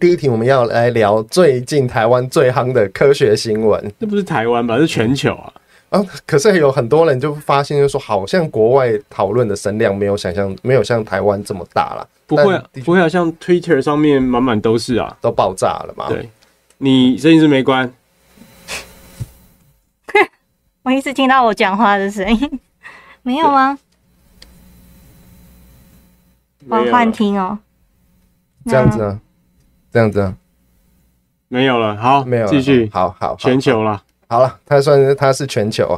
第一題，我們要來聊最近台灣最夯的科學新聞。這不是台灣吧？是全球啊！啊，可是有很多人就發現，就說好像國外討論的聲量沒有想象，沒有像台灣這麼大了。不會、啊，不會好像 Twitter 上面滿滿都是啊，都爆炸了嘛？對，你聲音是沒關？ 我一直聽到我講話的聲音，沒有嗎？我幻、啊、聽哦、喔，這樣子啊。 這樣子啊，沒有了，好，沒有了，繼續，嗯、好好，好，全球了，好了，它算是它是全球，啊，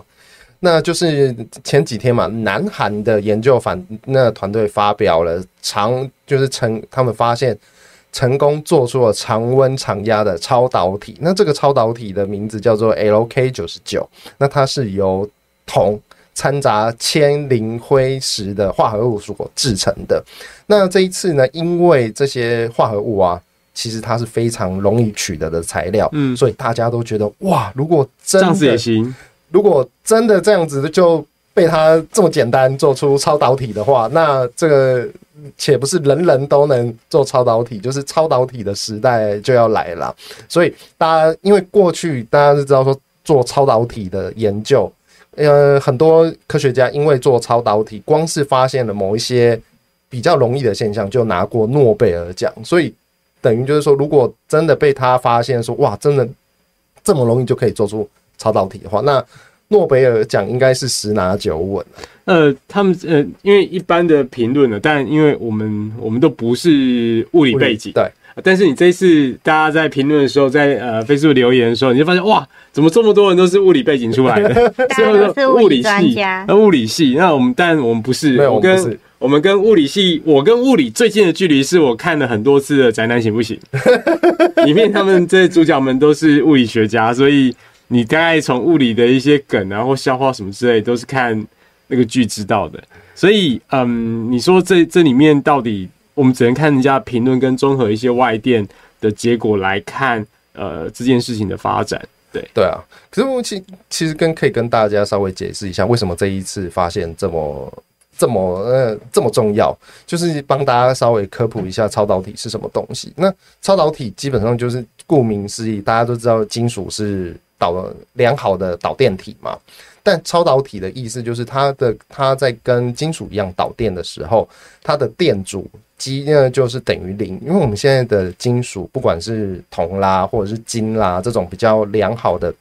那就是前幾天嘛，南韓的研究反那團、個、隊發表了長，就是成他們發現成功做出了常溫常壓的超導體，那這個超導體的名字叫做 LK 九十九，那它是由銅摻雜鉛磷灰石的化合物所製成的，那這一次呢，因為這些化合物啊。其實它是非常容易取得的材料，嗯，所以大家都覺得哇，如果真的這樣子也行，如果真的這樣子就被它這麼簡單做出超導體的話，那這個且不是人人都能做超導體，就是超導體的時代就要來了。所以大家因為過去大家都知道說做超導體的研究，呃，很多科學家因為做超導體，光是發現了某一些比較容易的現象，就拿過諾貝爾獎，所以。等於就是說，如果真的被他發現說，哇，真的這麼容易就可以做出超導體的話，那諾貝爾獎應該是十拿九穩了。呃，他們呃，因為一般的評論呢，但因為我們我們都不是物理背景，對。但是你這次大家在評論的時候，在呃 Facebook 留言的時候，你就發現哇，怎麼這麼多人都是物理背景出來的？所以說是物理系，那 物、啊、物理系，那我們但我們不是，我，們我們不是。我們跟物理系，我跟物理最近的距離是我看了很多次的《宅男行不行。》 裡面他們這些主角們都是物理學家，所以你大概從物理的一些梗然後消化什麼之類，都是看那個劇知道的。所以，嗯，你說這這裡面到底，我們只能看人家評論跟綜合一些外電的結果來看，呃，這件事情的發展。對，對啊。可是我其實，其實跟可以跟大家稍微解釋一下，為什麼這一次發現這麼。這麼呃這麼重要，就是幫大家稍微科普一下超導體是什麼東西。那超導體基本上就是顧名思義，大家都知道金屬是導良好的導電體嘛。但超導體的意思就是它的、它在跟金屬一樣導電的時候，它的電阻基呢就是等於零。因為我們現在的金屬，不管是銅啦或者是金啦這種比較良好的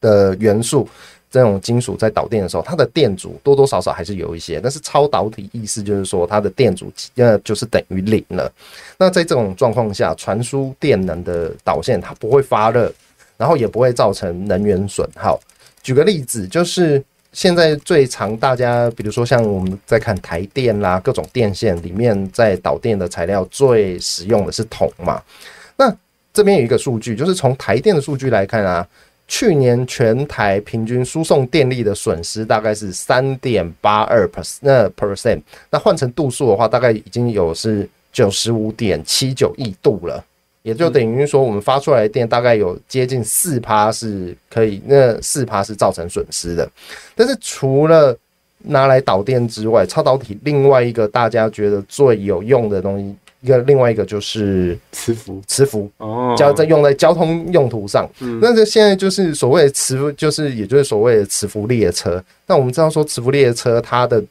的元素。這種金屬在導電的時候，它的電阻多多少少還是有一些，但是超導體意思就是說它的電阻呃就是等於零了。那在這種狀況下，傳輸電能的導線它不會發熱，然後也不會造成能源損耗。舉個例子，就是現在最常大家，比如說像我們在看台電啦、啊，各種電線裡面，在導電的材料最實用的是銅嘛。那這邊有一個數據，就是從台電的數據來看啊。去年全台平均輸送電力的損失大概是三點八二那 percent，那換成度數的話，大概已經有是九十五點七九億度了，也就等於說我們發出來的電大概有接近四趴是可以那4，那四趴是造成損失的。但是除了拿來導電之外，超導體另外一個大家覺得最有用的東西。一個另外一個就是磁浮，磁浮哦，交在用在交通用途上。嗯，那這現在就是所謂磁浮，就是也就是所謂的磁浮列車。那我們知道說磁浮列車它的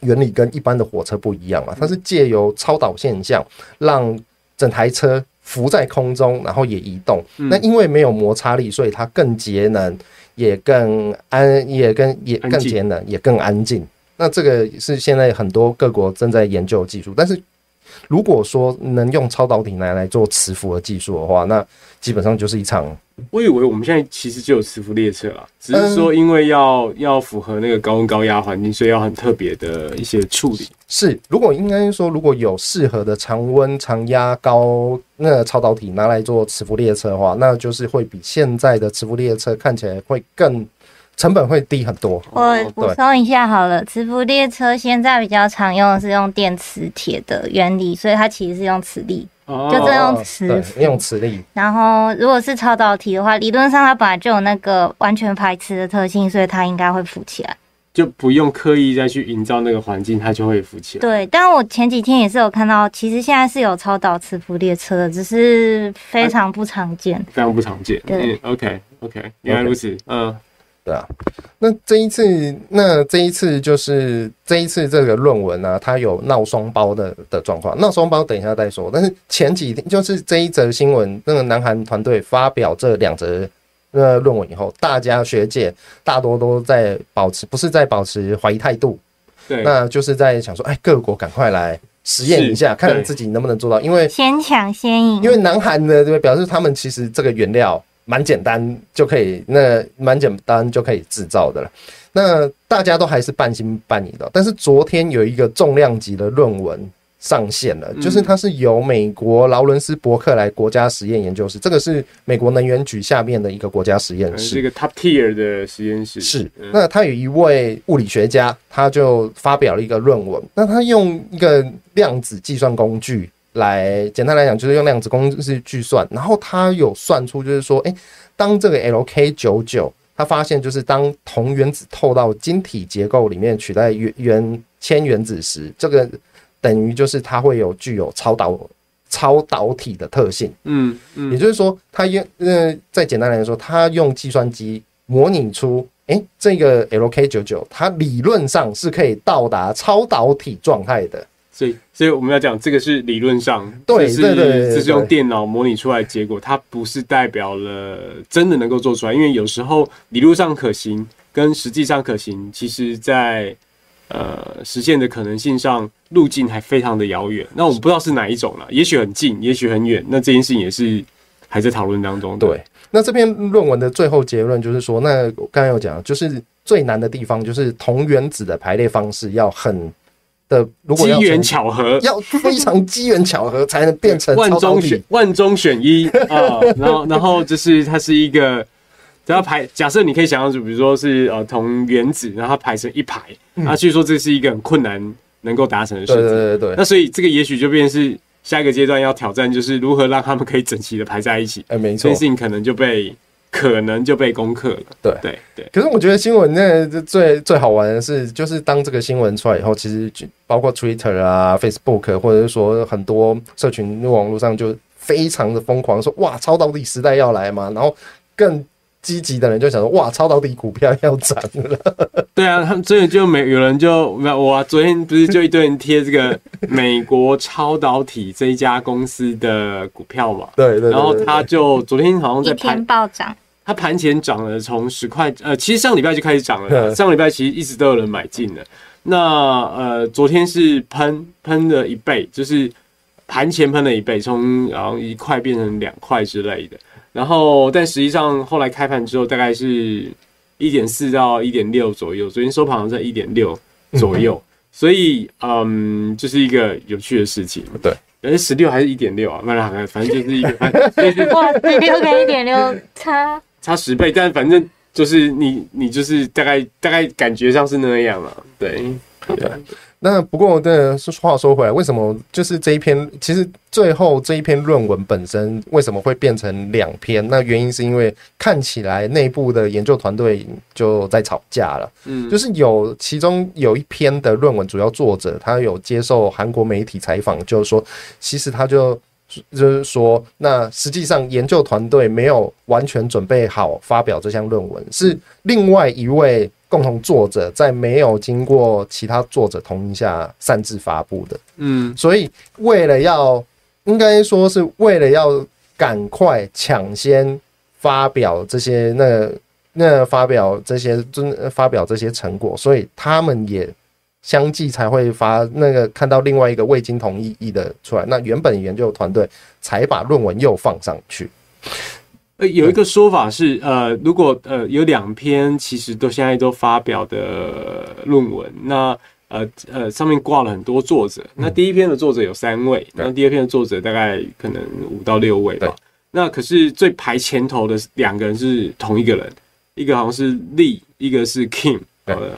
原理跟一般的火車不一樣啊，它是借由超導現象讓整台車浮在空中，然後也移動。那因為沒有摩擦力，所以它更節能，也更安，也跟也更節能，也更安靜。那這個是現在很多各國正在研究技術，但是。如果說能用超導體來來做磁浮的技術的話，那基本上就是一場。我以為我們現在其實就有磁浮列車了，只是說因為要、嗯、要符合那個高溫高壓環境，所以要很特別的一些處理。是，如果應該說如果有適合的常溫常壓高那個、超導體拿來做磁浮列車的話，那就是會比現在的磁浮列車看起來會更成本會低很多我。我補充一下好了，磁浮列車現在比較常用的是用電磁鐵的原理，所以它其實是用磁力，哦、就利用磁，對，用磁力。然後如果是超導體的話，理論上它本來就有那個完全排斥的特性，所以它應該會浮起來，就不用刻意再去營造那個環境，它就會浮起來。對，但我前幾天也是有看到，其實現在是有超導磁浮列車的，只是非常不常見，啊、非常不常見。對、嗯、，OK OK，原來如此，嗯、okay. 呃。對啊，那這一次，那這一次就是這一次這個論文呢、啊，它有鬧雙胞的的狀況，鬧雙胞等一下再說。但是前幾天就是這一則新聞，那個南韓團隊發表這兩則論文以後，大家學界大多都在保持，不是在保持懷疑態度，對，那就是在想說，哎，各國趕快來實驗一下，看自己能不能做到，因為先搶先贏，因為南韓呢，對，表示他們其實這個原料。蠻簡單就可以，那蠻簡單就可以製造的了。那大家都還是半信半疑的。但是昨天有一個重量級的論文上線了，嗯、就是它是由美國勞倫斯伯克利國家實驗研究室，這個是美國能源局下面的一個國家實驗室，嗯，是一個 top tier 的實驗室。是。那他有一位物理學家，他就發表了一個論文，那他用一個量子計算工具。來，簡單來講，就是用量子公式去計算，然後他有算出，就是說，誒、欸，當這個 L K 九九，他發現就是當銅原子透到晶體結構裡面取代原原鉛原子時，這個等於就是它會有具有超導超導體的特性。嗯嗯，也就是說，他用呃再簡單來說，他用計算機模擬出，誒、欸，這個 L K 九九，它理論上是可以到達超導體狀態的。所以，所以我們要講，這個是理論上，對，對，是這是用電腦模擬出來結果，它不是代表了真的能夠做出來。因為有時候理論上可行，跟實際上可行，其實在呃實現的可能性上，路徑還非常的遙遠。那我們不知道是哪一種了，也許很近，也許很遠。那這件事情也是還在討論當中。對，那這篇論文的最後結論就是說，那我剛才有講，就是最難的地方就是銅原子的排列方式要很。的，如果機緣巧合，要非常機緣巧合才能變成萬中選萬中選一啊、 呃！然後，然後就是它是一個，只要排假設你可以想象，就比如說是呃，銅原子，然後它排成一排，那據說這是一個很困難能夠達成的事情。對對對，那所以這個也許就變成下一個階段要挑戰，就是如何讓他們可以整齊的排在一起。哎，沒錯，這件事情可能就被。可能就被攻克了對，對對對。可是我覺得新聞那最最好玩的是，就是當這個新聞出來以後，其實包括 Twitter 啊、Facebook，或者說很多社群網絡上就非常的瘋狂說，說哇，超導體時代要來嘛，然後更。積極的人就想說，哇，超導體股票要漲了。對啊，他們所以就沒有人就沒有。我昨天不是就一堆人貼這個美國超導體這一家公司的股票嘛？對對。然後他就昨天好像在盤暴漲，他盤前漲了從十塊，呃，其實上禮拜就開始漲了，上禮拜其實一直都有人買進的。 那呃，昨天是噴噴了一倍，就是盤前噴了一倍，從然後一塊變成兩塊之類的。然後，但實際上後來開盤之後，大概是，一點四到一點六左右。昨天收盤在一點六左右、嗯，所以，嗯，這、就是一個有趣的事情。對，是十六還是一點六啊？反正反正就是一個，哇，十六跟一點六差差十倍，但反正就是你你就是大概大概感覺上是那樣嘛，對對。 那不過，我的話說回來，為什麼就是這一篇？其實最後這一篇論文本身為什麼會變成兩篇？那原因是因為看起來內部的研究團隊就在吵架了。嗯，就是有其中有一篇的論文主要作者，他有接受韓國媒體採訪，就是說，其實他就就是說，那實際上研究團隊沒有完全準備好發表這項論文，是另外一位。共同作者在沒有經過其他作者同意下擅自發布的，嗯，所以為了要，應該說是為了要趕快搶先發表這些那個、那個發表這些真、發表這些成果，所以他們也相繼才會發那個看到另外一個未經同意意的出來，那原本研究團隊才把論文又放上去。呃，有一個說法是，呃，如果呃有兩篇其實都現在都發表的論文，那呃呃上面掛了很多作者，那第一篇的作者有三位，嗯，那第二篇的作者大概可能五到六位吧。那可是最排前頭的兩個人是同一個人，一個好像是李，一個是 Kim，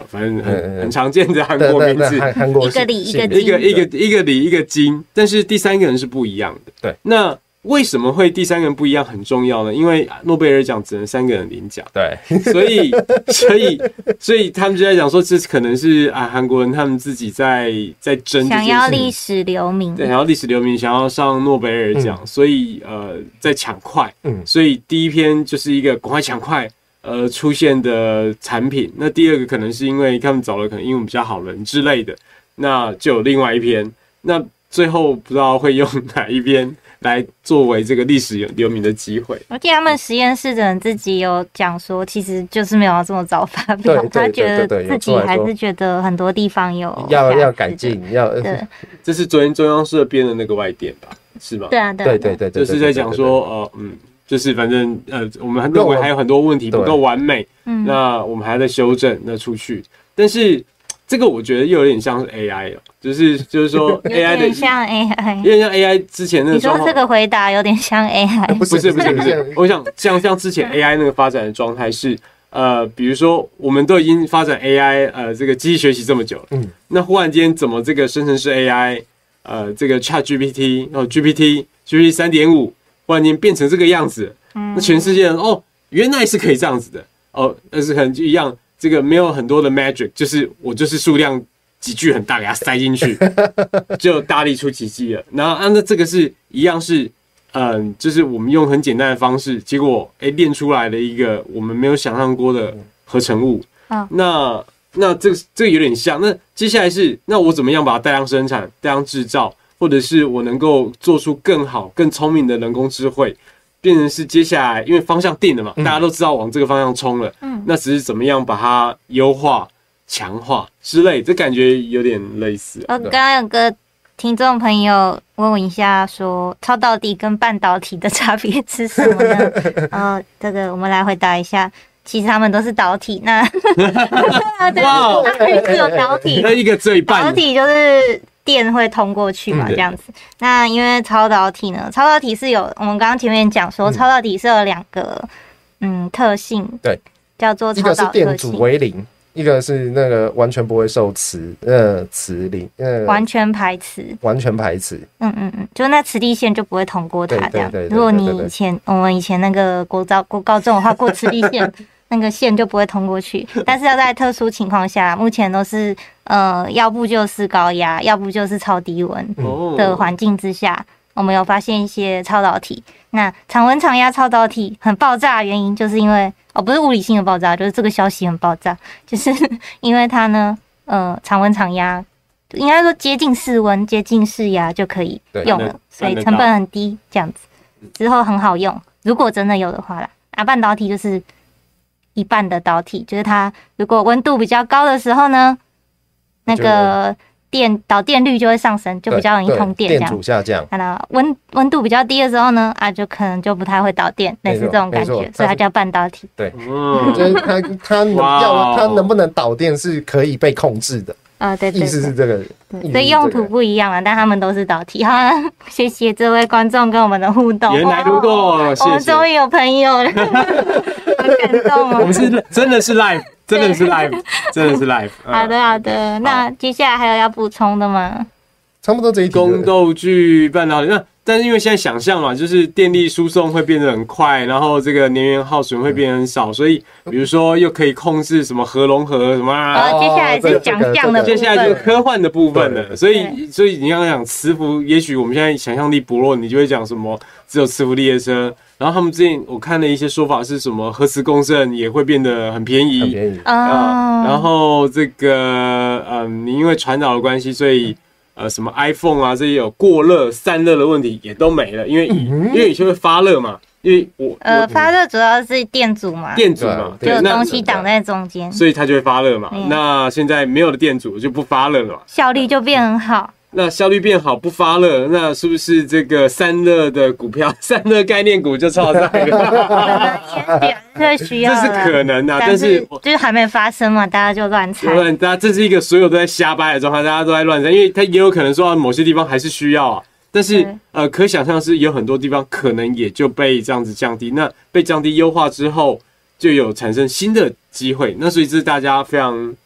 反正很對對對很常見的韓國名字，對對對一個李一個一個一個一個李一個金，但是第三個人是不一樣的。對，那。為什麼會第三個人不一樣很重要呢？因為諾貝爾獎只能三個人領獎，對， 所以所以所以他們就在講說，這可能是啊韓國人他們自己在在爭，想要歷史留名，對，想要歷史留名，想要上諾貝爾獎，所以呃在搶快，嗯，所以第一篇就是一個趕快搶快呃出現的產品，嗯，那第二個可能是因為他們找了可能英文比較好人之類的，那就有另外一篇，那最後不知道會用哪一篇。來作為這個歷史留名的機會。而且他們實驗室的人自己有講說，嗯，其實就是沒有要這麼早發表對對對對對。他覺得自己還是覺得很多地方有要要改進，要對。這是昨天中央社編的那個外電吧？是吧？對啊，對對對，就是在講說，呃，嗯，就是反正呃，我們認為還有很多問題不夠完美，嗯，那我們還在修正，那出去，但是。這個我覺得又有點像是 AI 了、喔，就是就是說 AI 的有點像 AI，有點像 AI 之前那個。你說這個回答有點像 AI，不是不是不是，不是不是不是 我想像像之前 AI 那個發展的狀態是，呃，比如說我們都已經發展 AI 呃這個機器學習這麼久了，嗯，那忽然間怎麼這個生成式 AI 呃這個 ChatGPT 哦 GPTGPT 三點五忽然間變成這個樣子、嗯，那全世界人說哦原來是可以這樣子的哦，但是很一樣。這個沒有很多的 magic，就是我就是數量級很大，給它塞進去，就大力出奇蹟了。 然後啊，那這個是一樣是，嗯、呃，就是我們用很簡單的方式，結果哎練出來的一個我們沒有想象過的合成物。啊、嗯，那那這個、這個有點像。那接下來是，那我怎麼樣把它大量生產、大量製造，或者是我能夠做出更好、更聰明的人工智慧？變成是接下來，因為方向定了嘛，大家都知道往這個方向衝了。嗯，那只是怎麼樣把它優化、強化之類，這感覺有點類似、啊哦。我剛剛有個聽眾朋友問我一下，說超導體跟半導體的差別是什麼呢？啊、 嗯，這個我們來回答一下，其實他們都是導體。那 對，他那個導體、喔哎哎哎哎，對，那一個最半、導體就是。電會通過去嘛，這樣子、嗯。那因為超導體呢？超導體是有我們剛剛前面講說、嗯，超導體是有兩個嗯特性，對，叫做超導，一個是電阻為零，一個是那個完全不會受磁呃磁力呃完全排斥，完全排斥。嗯嗯嗯，就那磁力線就不會通過它這樣。如果你以前我們以前那個國高、國高中的話，過磁力線。 那個線就不會通過去，但是要在特殊情況下， 目前都是呃，要不就是高壓，要不就是超低溫的環境之下，我們有發現一些超導體。那常溫常壓超導體很爆炸的原因就是因為哦，不是物理性的爆炸，就是這個消息很爆炸，就是因為它呢，呃，常溫常壓應該說接近室溫、接近室壓就可以用了，所以成本很低，這樣子之後很好用。如果真的有的話啦，啊，半導體就是。一半的導體就是它，如果溫度比較高的時候呢，那個電導電率就會上升，就比較容易通電這樣，對，對，電阻下降。看到溫溫度比較低的時候呢，啊，就可能就不太會導電，類似這種感覺，所以它叫半導體。對，嗯， 嗯，就是、它它能要它能不能導電是可以被控制的。啊，對,對,對,對、這個，其實是這個，對，用途不一樣啊、嗯，但他們都是導體哈、啊。謝謝這位觀眾跟我們的互動，原來互動、哦哦，我們終於有朋友了，好感動啊！我們是真的是 live，真的是 live，真的是 live、 嗯嗯。好的好的好，那接下來還有要補充的嗎？差不多這一宮鬥劇半導體，那但是因為現在想象嘛，就是電力輸送會變得很快，然後這個能源耗損會變得很少、嗯，所以比如說又可以控制什麼核融合什麼啊、哦。啊，接下來是講講的部分，okay, okay. 接下來就是科幻的部分了。所以所以，所以你要講磁浮，也許我們現在想象力薄弱，你就會講什麼只有磁浮列車。然後他們最近我看了一些說法是什麼，核磁共振也會變得很便宜。啊、嗯哦，然後這個嗯，你因為傳導的關係，所以。嗯呃，什麼 iPhone 啊，這些有過熱散熱的問題也都沒了，因為、嗯、因為以前會發熱嘛，因為我呃發熱主要是電阻嘛，電阻嘛，就是東西擋在中間，所以它就會發熱嘛。那現在沒有了電阻，就不發熱了，效率就變很好。嗯那效率變好不發熱，那是不是這個散熱的股票、散熱概念股就超大一個？這是可能的、啊、但是就是還沒發生嘛，大家就亂猜，不然大家這是一個所有都在瞎掰的狀態，大家都在亂猜，因為它也有可能說、啊、某些地方還是需要啊，但是、嗯、呃可想象，是有很多地方可能也就被這樣子降低，那被降低優化之後就有產生新的機會，那所以這是大家非常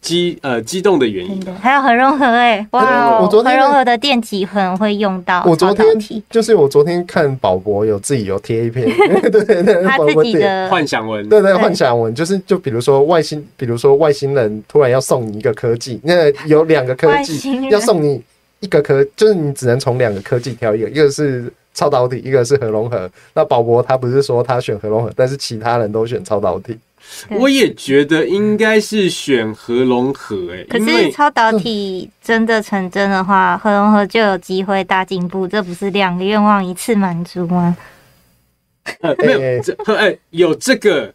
激呃激動的原因、啊，嗯，還有核融合哎、欸、哇、欸我我昨天，核融合的電極可能會用到。我昨天就是我昨天看寶博有自己有貼一篇， 對對對，他自己的幻想文，對對，對，對幻想文就是就比如說外星，比如說外星人突然要送你一個科技，那有兩個科技 要送你一個科，就是你只能從兩個科技挑一個，一個是超導體，一個是核融合。那寶博他不是說他選核融合，但是其他人都選超導體。我也覺得應該是選核融合，誒，可是，可是超導體真的成真的話，核融合就有機會大進步，這不是兩個願望一次滿足嗎？呃，沒有，欸欸這，哎，欸，有這個。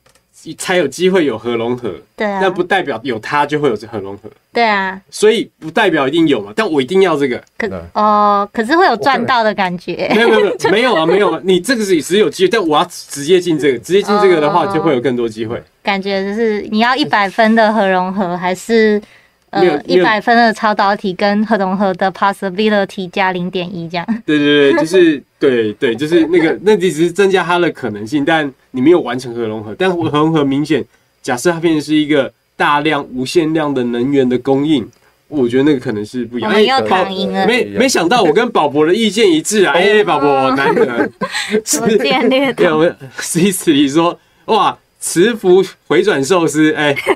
才有機會有核融合，對啊，那不代表有它就會有這核融合，對啊，所以不代表一定有嘛。但我一定要這個，可哦，可是會有賺到的感覺。沒有沒有沒有， 沒有啊，沒有啊，你這個是只有機會，但我要直接進這個，直接進這個的話，就會有更多機會。哦，感覺就是你要一百分的核融合，還是？一百分的超導體跟核融合的 possibility 加零點一，這樣。對對對，就是對，對對，就是那個， 那其實增加它的可能性，但你沒有完成核融合。但核融合明顯，假設它變成是一個大量、無限量的能源的供應，我，我覺得那個可能是不一樣的。你又躺贏了，欸、沒沒想到我跟寶寶的意見一致啊！哎、 欸欸，寶寶， 難得，所見略同。Cici 說：哇，磁浮回轉壽司，哎、欸。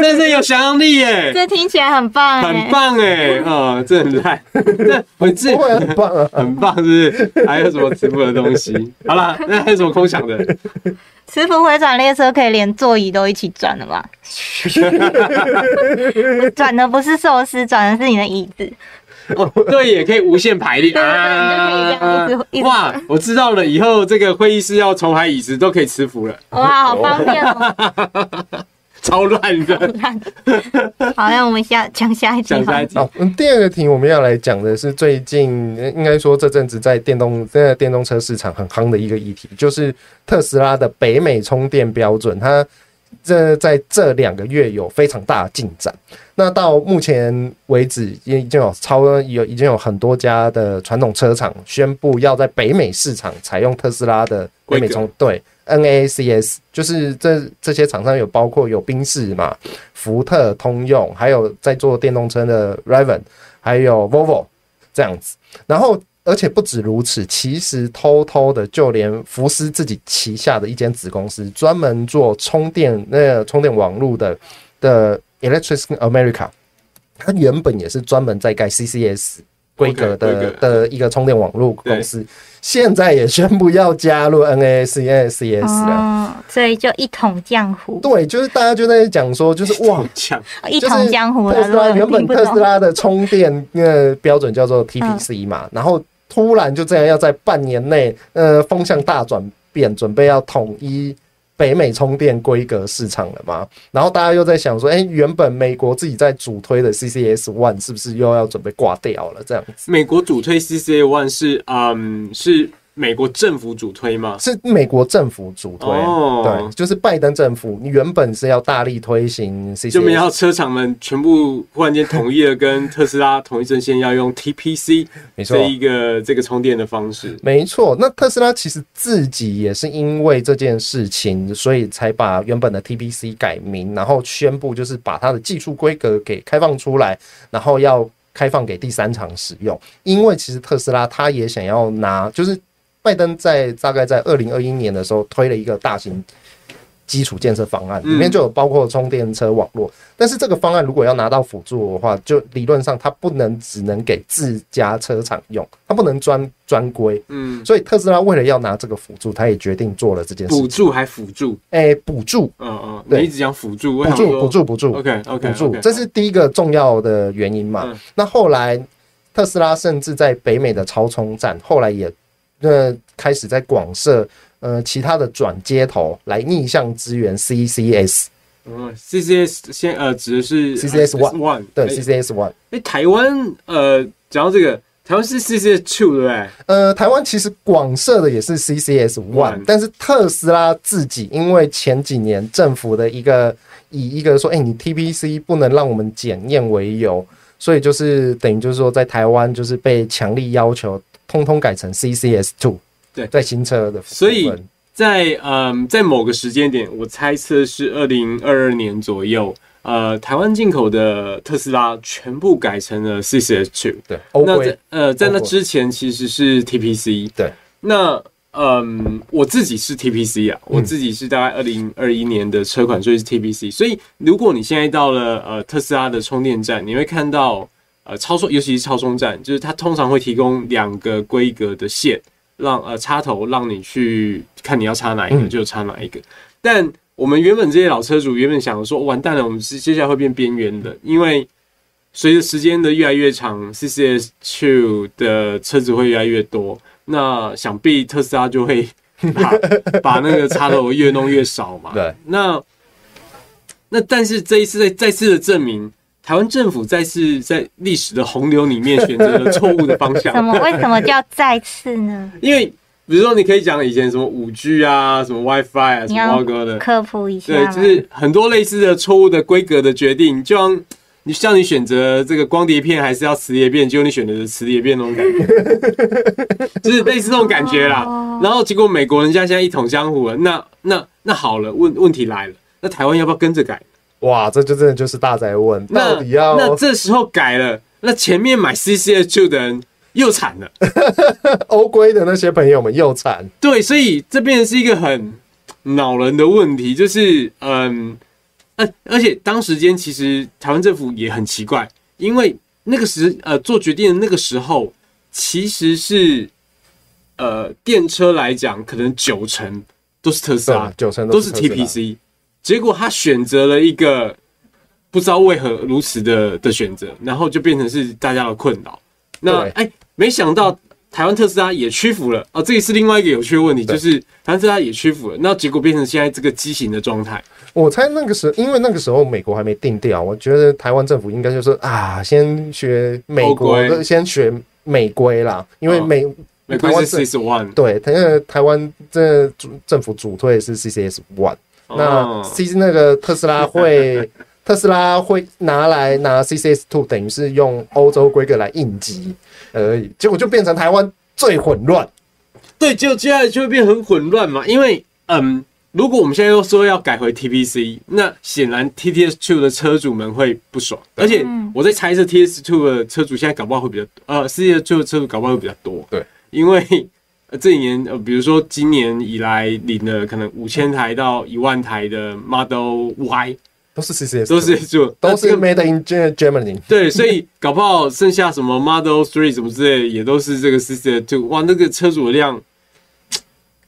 真是有想象力耶、欸！這聽起來很棒，欸，很棒哎，啊，這很厲害。這我很棒啊， 很棒，是不是？還有什麼磁浮的東西？好了，那還有什麼空想的？磁浮回轉列車可以連座椅都一起轉了吧？轉 的不是壽司，轉的是你的椅子。 哦，對，也可以無限排列。對啊，對啊，就可以這樣一直。啊、哇，我知道了，以後這個會議室要重排椅子都可以磁浮了，哦。哇，好方便哦。 超亂的，好，那我們下講下一題，第二個題我們要來講的是最近應該說這陣子在電動在電動車市場很夯的一個議題，就是特斯拉的北美充電標準。它這在這兩個月有非常大的進展。那到目前為止，也已經有超有已經有很多家的傳統車廠宣布要在北美市場採用特斯拉的北美充，對。N A C S 就是這這些廠商有包括有賓士嘛，福特、通用，還有在做電動車的 Rivian，還有 Volvo 這樣子。然後而且不止如此，其實偷偷的就連福斯自己旗下的一間子公司，專門做充電那個、充電網路的的 Electric America，它原本也是專門在蓋 C C S。規格的的一個充電網絡公司，現在也宣佈要加入 NACS 了、哦，所以就一統江湖。對，就是大家就在那講說，就是哇，一統江湖了、啊。就是、特斯拉原本特斯拉的充電呃標準叫做 TPC 嘛、嗯，然後突然就這樣要在半年內呃風向大轉變，準備要統一，北美充電規格市場了嗎？然後大家又在想說，哎、欸，原本美國自己在主推的 CCS One 是不是又要準備掛掉了？這樣子，美國主推 CCS One 是，嗯，是。美國政府主推嗎？是美國政府主推，哦、對，就是拜登政府，你原本是要大力推行 CCS，就沒有車廠們全部忽然間統一了，跟特斯拉統一陣線，要用 T P C。沒錯，這一個這個充電的方式，沒錯。那特斯拉其實自己也是因為這件事情，所以才把原本的 T P C 改名，然後宣布就是把它的技術規格給開放出來，然後要開放給第三場使用，因為其實特斯拉他也想要拿，就是。拜登在大概在二零二一年的時候推了一個大型基礎建設方案，裡面就有包括充電車網絡。但是這個方案如果要拿到輔助的話，就理論上它不能只能給自家車廠用，它不能專專規。嗯，所以特斯拉為了要拿這個輔助，他也決定做了這件事。補助、欸、還輔助、嗯？哎，補助。嗯嗯，對，一直講輔助。補助，補助，補助。OK OK，補助，這是第一個重要的原因嘛？那、嗯、後來特斯拉甚至在北美的超充站，後來也。那、呃、開始在廣設呃其他的轉接頭來逆向支援 CCS。嗯，CCS 先呃指的是 CCS one、啊。對、欸、，CCS one、欸。台灣呃，講到這個，台灣是 CCS two 對不對？呃，台灣其實廣設的也是 CCS one，、嗯、但是特斯拉自己因為前幾年政府的一個以一個說，哎、欸，你 TPC 不能讓我們檢驗為由，所以就是等於就是說在台灣就是被強力要求。通通改成 CCS Two，對，在新車的，所以在嗯，在某個時間點，我猜測是二零二二年左右，呃，台灣進口的特斯拉全部改成了 CCS Two，對，那在呃，在那之前其實是 TPC，對，那嗯，我自己是 TPC 啊，我自己是大概二零二一年的車款，所以是 TPC，所以如果你現在到了呃特斯拉的充電站，你會看到。呃，超速，尤其是超充站，就是它通常會提供兩個規格的線，讓呃插頭讓你去看你要插哪一個就插哪一個。嗯、但我們原本這些老車主原本想說，哦、完蛋了，我們接接下來會變邊緣的，因為隨着時間的越來越長，CCS2 的車子會越來越多，那想必特斯拉就會把 把那個插頭越弄越少嘛。對，那那但是這一次再再次的證明。台灣政府再次在歷史的洪流裡面選擇了錯誤的方向。怎麼？為什麼叫再次呢？ 因為比如說，你可以講以前什麼五 G 啊，什麼 WiFi 啊，什麼什麼的科普一下。對，就是很多類似的錯誤的規格的決定，就像你像你選擇這個光碟片還是要磁碟片，結果你選擇了磁碟片那種感覺， 就是類似這種感覺啦。然後結果美國人家現在一統江湖了，那那那好了，問問題來了，那台灣要不要跟着改？哇，這就真的就是大哉問，那到底要，那這時候改了，那前面買 C C S 2的人又慘了，歐 規的那些朋友們又慘。對，所以這邊是一個很惱人的問題，就是嗯，而、呃、而且當時間其實台灣政府也很奇怪，因為那個時呃做決定的那個時候，其實是呃電車來講，可能九成都是特斯拉，九成都是 T P C。結果他選擇了一個不知道為何如此的的選擇，然後就變成是大家的困擾。那哎、欸，沒想到台灣特斯拉也屈服了哦。這也是另外一個有趣的問題，就是台灣特斯拉也屈服了，那結果變成現在這個畸形的狀態。我猜那個時候，因為那個時候美國還沒定調，我覺得台灣政府應該就是啊，先學美國，先學美規啦。因為美美國是 C S One，對，因為台灣這政府主推的是 C C S One。哦、那 C 那個特斯拉會特斯拉會拿來拿 C C S two 等於是用歐洲規格來應急而已，結果就變成台灣最混亂。對，就接下來就會變很混亂嘛。因為嗯，如果我們現在又說要改回 T P C，那顯然 T T S two 的車主們會不爽，而且我在猜測 T S two 的車主現在搞不好會比較呃，C C S two 的車主搞不好會比較多，對，因為。這一年，呃，比如說今年以來領了可能五千台到一萬台的 Model Y，都是 CCS2，都是就、這個、都是 Made in Germany。對， 所以搞不好剩下什麼 Model 3什麼之類，也都是這個 CCS2。哇，那個車主的量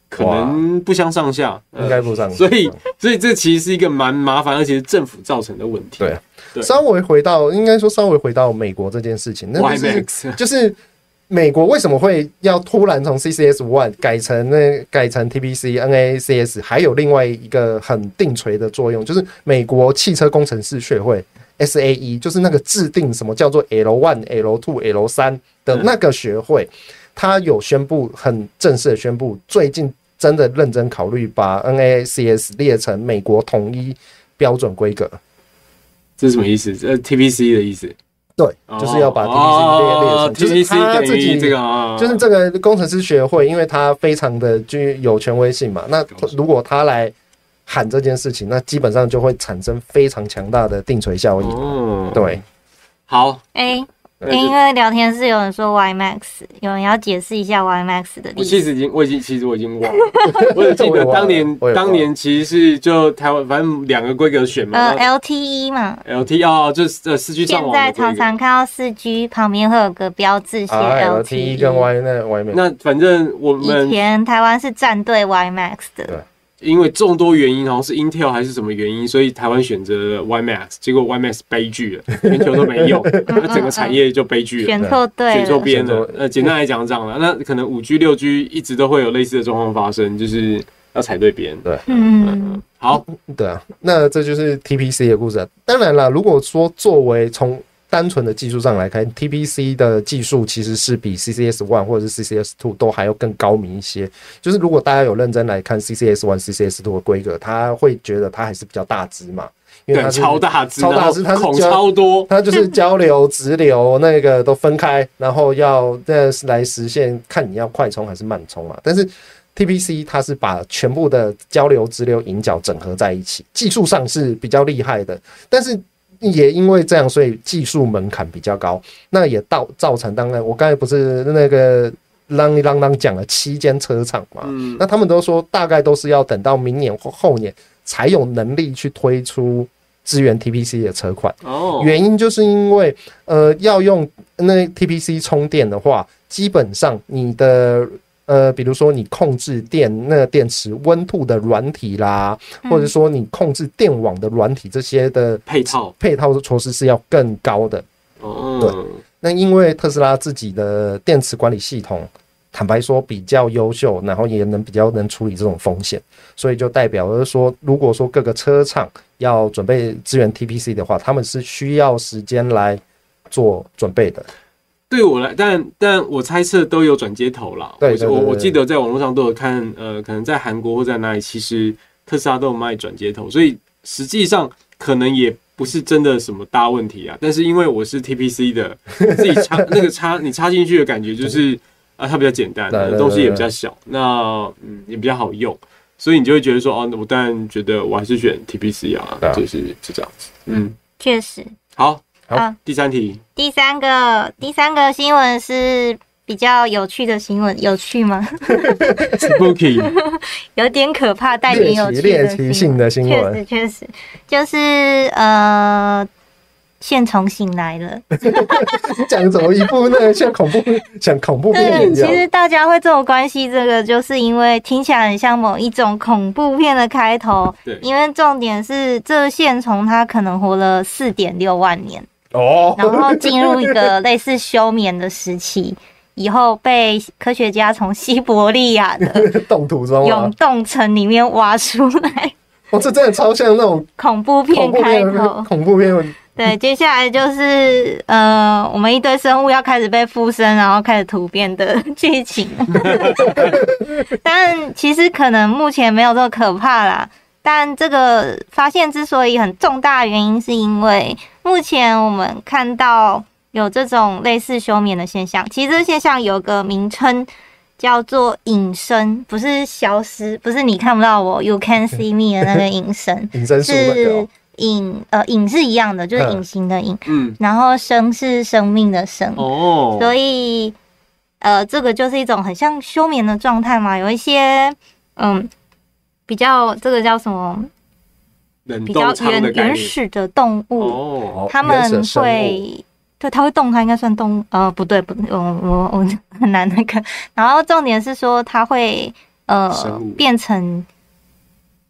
可能不相上下，呃、應該不上下。所以，所以這其實是一個蠻麻煩，而且是政府造成的問題。對，啊對，稍微回到，應該說稍微回到美國這件事情，那 YMAX 就是。 美國為什麼會要突然從 CCS One 改成，那改成 TBC NACS？還有另外一個很定錘的作用，就是美國汽車工程師學會 SAE，就是那個制定什麼叫做 L One、L Two、L 三的那個學會，嗯、他有宣布，很正式的宣布，最近真的認真考慮把 NACS 列成美國統一標準規格。這是什麼意思？呃 TBC 的意思？對、哦，就是要把 T C 列列成，哦，就是他自己，就是這個工程師學會、哦，因為他非常的具有權威性嘛。那如果他來喊這件事情，那基本上就會產生非常強大的定錘效應。嗯、哦，對。好，A。因為聊天室有人說 Y Max，有人要解釋一下 Y Max 的。我其實已經，我已經其實我已經忘了。 我記得當年， 當年其實是就台灣，反正兩個規格選嘛。呃，LTE 嘛，LTE 哦，就是呃四 G 上網。現在常常看到四 G 旁邊會有個標誌寫 LTE,、啊、LTE 跟 Y 那 Y Max，那反正我們以前台灣是站隊 Y Max 的。對。因為眾多原因，好像是 Intel 還是什麼原因，所以台灣選擇 WiMAX，結果 WiMAX 悲劇了，全球都沒用， 整個產業就悲劇了。嗯嗯嗯、了。選錯對，選錯邊了。呃，簡單來講這樣了，嗯，那可能五 G、六 G 一直都會有類似的狀況發生，就是要踩對邊。對，嗯，嗯好嗯，對啊，那這就是 T P C 的故事。啊。當然了，如果說作為從單純的技術上來看 TPC 的技術其實是比 CCS One 或者是 CCS Two 都還要更高明一些。就是如果大家有認真來看 CCS One、CCS Two 的規格，他會覺得它還是比較大只嘛，因為它超大只，超大只，它是孔超多，它就是交流、直流那個都分開， 然後要那來實現看你要快充還是慢充嘛。但是 TPC 它是把全部的交流、直流引腳整合在一起，技術上是比較厲害的，但是。也因為這樣，所以技術門檻比較高。那也到造成，當然，我剛才不是那個啷哩啷噹講了七間車廠嘛？嗯、那他們都說，大概都是要等到明年或後年才有能力去推出支援 TPC 的車款。哦，原因就是因為，呃，要用那 TPC 充電的話，基本上你的。呃，比如說你控制電那個、電池溫度的軟體啦、嗯，或者說你控制電網的軟體，這些的配套配套的措施是要更高的。哦、嗯，對，那因為特斯拉自己的電池管理系統，坦白說比較優秀，然後也能比較能處理這種風險，所以就代表就是說，如果說各個車廠要準備支援 TPC 的話，他們是需要時間來做準備的。對我來，但但我猜測都有轉接頭啦。對對對對我我記得在網絡上都有看，呃，可能在韓國或在哪裡，其實特斯拉都有賣轉接頭，所以實際上可能也不是真的什麼大問題啊。但是因為我是 TPC 的，自己插 那個插，你插進去的感覺就是 啊，它比較簡單， 啊簡單 啊、 東西也比較小，那、嗯、也比較好用，所以你就會覺得說，哦，我當然覺得我還是選 TPC 啊， 就是 是這樣子。嗯，確實。好。好，第三題，哦、第三個第三個新聞是比較有趣的新聞，有趣嗎？Spooky， 有點可怕，帶點有趣的新聞，獵奇性的新聞，確實確實就是呃，線蟲醒來了。講 走 一步，那像恐怖講恐怖片一樣。對，其實大家會這麼關心這個，就是因為聽起來很像某一種恐怖片的開頭。因為重點是這個線蟲它可能活了四點六萬年。哦、oh! 然後進入一個類似休眠的時期，以後被科學家從西伯利亞的凍土中、永凍層裡面挖出來、 啊。哦，這真的超像那種恐怖片開頭，恐怖片。對，接下來就是呃，我們一堆生物要開始被附身，然後開始突變的劇情。 但其實可能目前沒有這麼可怕啦。但這個發現之所以很重大，原因是因為。目前我們看到有這種類似休眠的現象，其實這現象有個名稱叫做隱身，不是消失，不是你看不到我，You can't see me 的那個隱身，隱 身是隱呃隱是一樣的，就是隱形的隱，嗯， 然後生是生命的生，哦、嗯，所以呃這個就是一種很像休眠的狀態嘛，有一些嗯比較這個叫什麼？比較原原始的動物，哦、他們會生生對它會動，它應該算動。呃，不對，不，我我我很難那個。然後重點是說，它會呃變成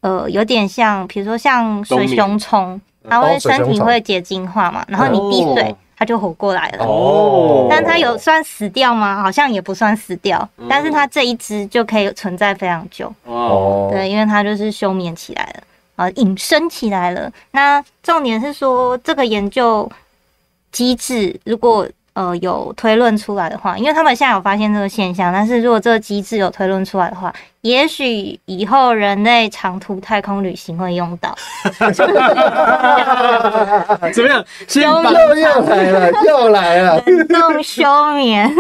呃有點像，比如說像水熊蟲，它會身體會結晶化嘛。哦、然後你滴水、哦，它就活過來了。哦、但它有算死掉嗎？好像也不算死掉，嗯、但是它這一隻就可以存在非常久、哦。對，因為它就是休眠起來了。呃，引申起來了。那重點是說，這個研究機制，如果呃有推論出來的話，因為他們現在有發現這個現象，但是如果這個機制有推論出來的話。也許以後人類長途太空旅行會用到 怎麼樣？又又 來了，又來了， 冷凍休眠。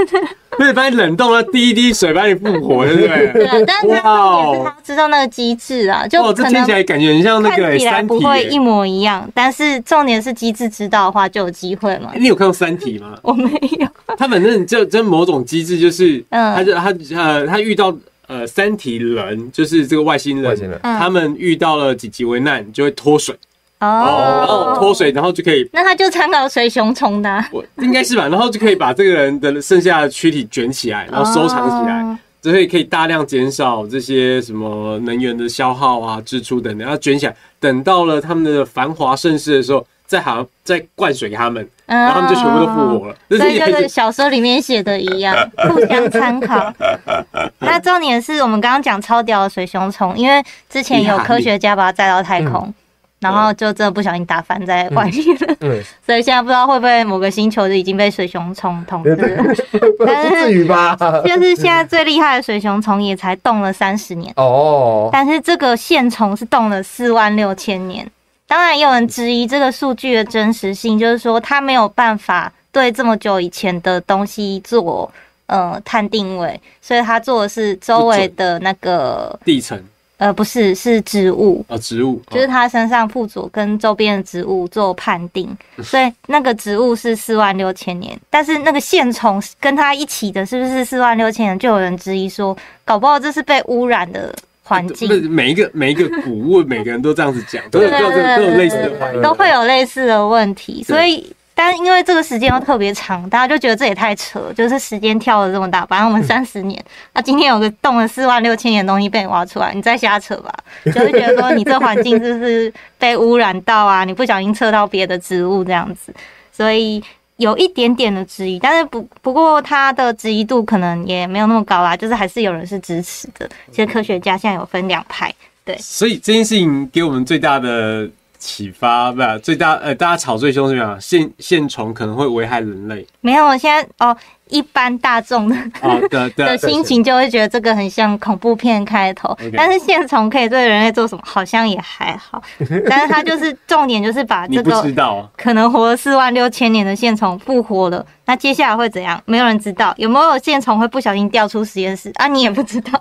不是，把你冷凍了滴一滴水，把你復活，對 不對？對。 但是他重點是他知道那個機制啊，就可能、哦、這聽起來感覺很像那個、欸《三體》，不會一模一樣。欸、但是重點是機制知道的話，就有機會嘛、欸。你有看過《三體》嗎？ 我沒有 他。他反正就真某種機制，就是，嗯，他就他呃，他遇到。呃，三體人就是這個外星人，星人嗯、他們遇到了幾級危難就會脫水哦，然後脫水，然後就可以。那他就參考水熊蟲的，啊，我應該是吧， 然後就可以把這個人的剩下的軀體卷起來，然後收藏起來，哦、所以可以大量減少這些什麼能源的消耗啊，支出等等，要卷起來，等到了他們的繁華盛世的時候，再好再灌水給他們。嗯、然後他們就全部都復活了，所以就跟小說裡面寫的一樣，嗯、互相參考。那 重點是我們剛剛講超屌的水熊蟲，因為之前有科學家把它載到太空，然後就真的不小心打翻在外面了。對、嗯，嗯嗯、 所以現在不知道會不會某個星球就已經被水熊蟲統治了。但是，不至於吧？就是現在最厲害的水熊蟲也才動了三十年哦，但是這個線蟲是動了四萬六千年。當然，也有人質疑這個數據的真實性，就是說他沒有辦法對這麼久以前的東西做呃碳定位，所以他做的是周圍的那個地層，呃，不是，是植物啊，植物，就是他身上附着跟周邊的植物做判定、哦，所以那個植物是四萬六千年，但是那個線蟲跟他一起的是不是四萬六千年？就有人質疑說，搞不好這是被污染的。環境，每一個每一個古物， 每個人都這樣子講，都有各各各類似的環境，都會有類似的問題。所以，但因為這個時間又特別長，大家就覺得這也太扯，就是時間跳了這麼大。反正我們三十年，那、 啊、今天有個凍了四萬六千年的東西被你挖出來，你再瞎扯吧。就是覺得說，你這環境就是，是被污染到啊， 你不小心測到別的植物這樣子，所以。有一點點的質疑，但是不不過他的質疑度可能也沒有那麼高啦，就是還是有人是支持的。其實科學家現在有分兩派，對。所以這件事情給我們最大的。啟發吧、啊，最大，呃，大家吵最凶是什麼、啊？線線蟲可能會危害人類。沒有，現在哦，一般大眾的的、哦啊啊、 心情就會覺得這個很像恐怖片開頭。啊啊、但是線蟲可以對人類做什麼，Okay. 好像也還好。但是他就是 重點，就是把這個、啊、可能活了四萬六千年的線蟲復活了。那接下來會怎樣？沒有人知道有沒有線蟲會不小心掉出實驗室啊？你也不知道。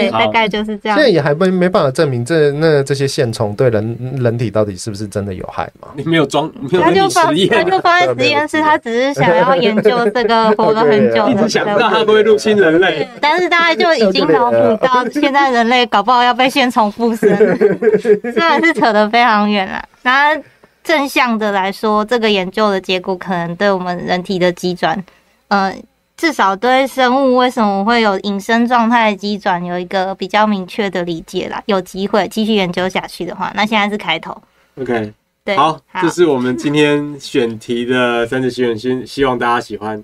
對，大概就是這樣。現在也還沒沒辦法證明這那這些線蟲對人人體到底是不是真的有害嘛？你沒有裝，沒有實驗。他就放，他就放在實驗室，他只是想要研究這個活了很久，一 直、okay, 想不到它不會入侵人類。但是大家就已經腦補到現在人類搞不好要被線蟲附身，真 的是扯得非常遠了，那正向的來說，這個研究的結果可能對我們人體的機轉，嗯、呃。至少對生物為什麼會有隱身狀態的機轉有一個比較明確的理解啦。有機會繼續研究下去的話，那現在是開頭。OK，對，好，這是我們今天選題的三折選訊， 希望大家喜歡。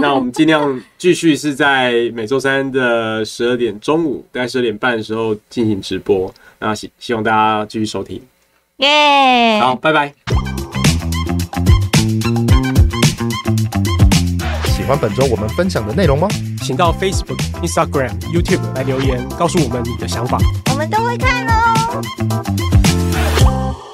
那我們盡量繼續是在每周三的十二點中午，大概十二點半的時候進行直播。那希希望大家繼續收聽。耶、yeah!，好，拜拜。喜歡本周我們分享的內容嗎？請到 Facebook、Instagram、YouTube 來留言，告訴我們你的想法，我們都會看哦。嗯